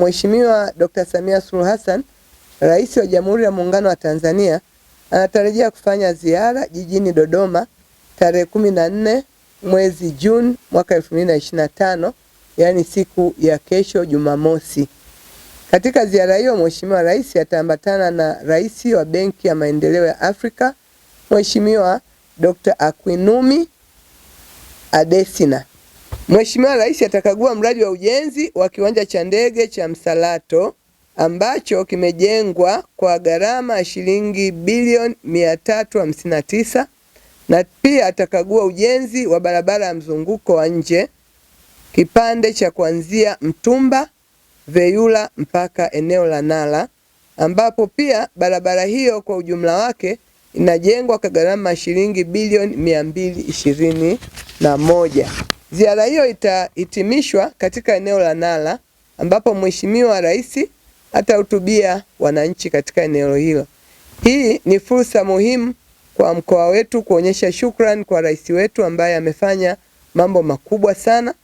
Mheshimiwa Dr. Samia Suluhu Hassan, Rais wa Jamhuri ya Muungano wa Tanzania, anatarajia kufanya ziara jijini Dodoma tarehe 14 mwezi Juni mwaka 2025, yaani siku ya kesho Jumamosi. Katika ziara hiyo, Mheshimiwa Rais ataambatana na Rais wa Benki ya Maendeleo ya Afrika, Mheshimiwa Dr. Akwinumi Adesina. Mheshimiwa Rais atakagua mradi wa ujenzi wa kiwanja cha ndege cha Msalato ambacho kimejengwa kwa gharama ya shilingi bilioni 359 na pia atakagua ujenzi wa barabara ya mzunguko wa nje kipande cha kuanzia Mtumba Veyula mpaka eneo la Nala ambapo pia barabara hiyo kwa ujumla wake inajengwa kwa gharama ya shilingi bilioni 221. Ziara hiyo itahitimishwa katika eneo la Nala ambapo Mheshimiwa Rais atahutubia wananchi katika eneo hilo. Hii ni fursa muhimu kwa mkoa wetu kuonyesha shukrani kwa rais wetu ambaye amefanya mambo makubwa sana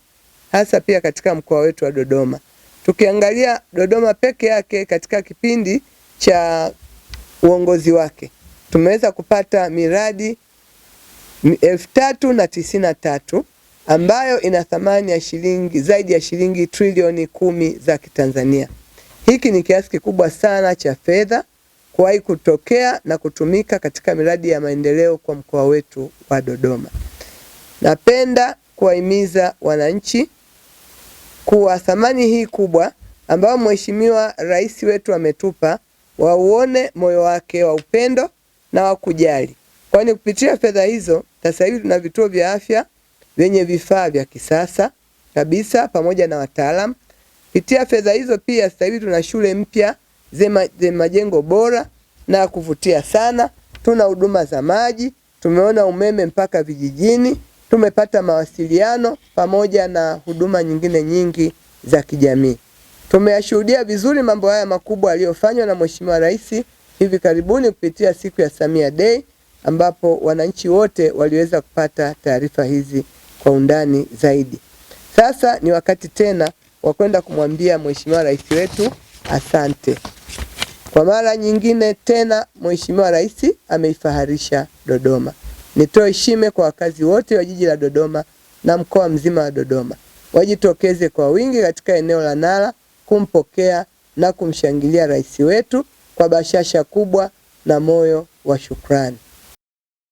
hasa pia katika mkoa wetu wa Dodoma. Tukiangalia Dodoma peke yake katika kipindi cha uongozi wake tumeweza kupata miradi elfu tatu na tisini na tatu ambayo ina thamani ya shilingi zaidi ya shilingi trilioni kumi za Kitanzania. Hiki ni kiasi kikubwa sana cha fedha kuwahi kutokea na kutumika katika miradi ya maendeleo kwa mkoa wetu wa Dodoma. Napenda kuwahimiza wananchi kuwa thamani hii kubwa ambayo Mheshimiwa Rais wetu ametupa wauone moyo wake wa upendo na wa kujali, kwani kupitia fedha hizo sasa hivi tuna vituo vya afya vyenye vifaa vya kisasa kabisa pamoja na wataalamu. Kupitia fedha hizo pia sasa hivi tuna shule mpya zenye majengo bora na kuvutia sana. Tuna huduma za maji, tumeona umeme mpaka vijijini, tumepata mawasiliano pamoja na huduma nyingine nyingi za kijamii. Tumeyashuhudia vizuri mambo haya makubwa aliyofanywa na Mheshimiwa Rais hivi karibuni kupitia siku ya Samia Day ambapo wananchi wote waliweza kupata taarifa hizi kwa undani zaidi. Sasa ni wakati tena wa kwenda kumwambia Mheshimiwa Rais wetu asante. Kwa mara nyingine tena Mheshimiwa Rais ameifaharisha Dodoma. Nitoe heshima kwa wakazi wote wa jiji la Dodoma na mkoa mzima wa Dodoma, wajitokeze kwa wingi katika eneo la Nala kumpokea na kumshangilia rais wetu kwa bashasha kubwa na moyo wa shukrani.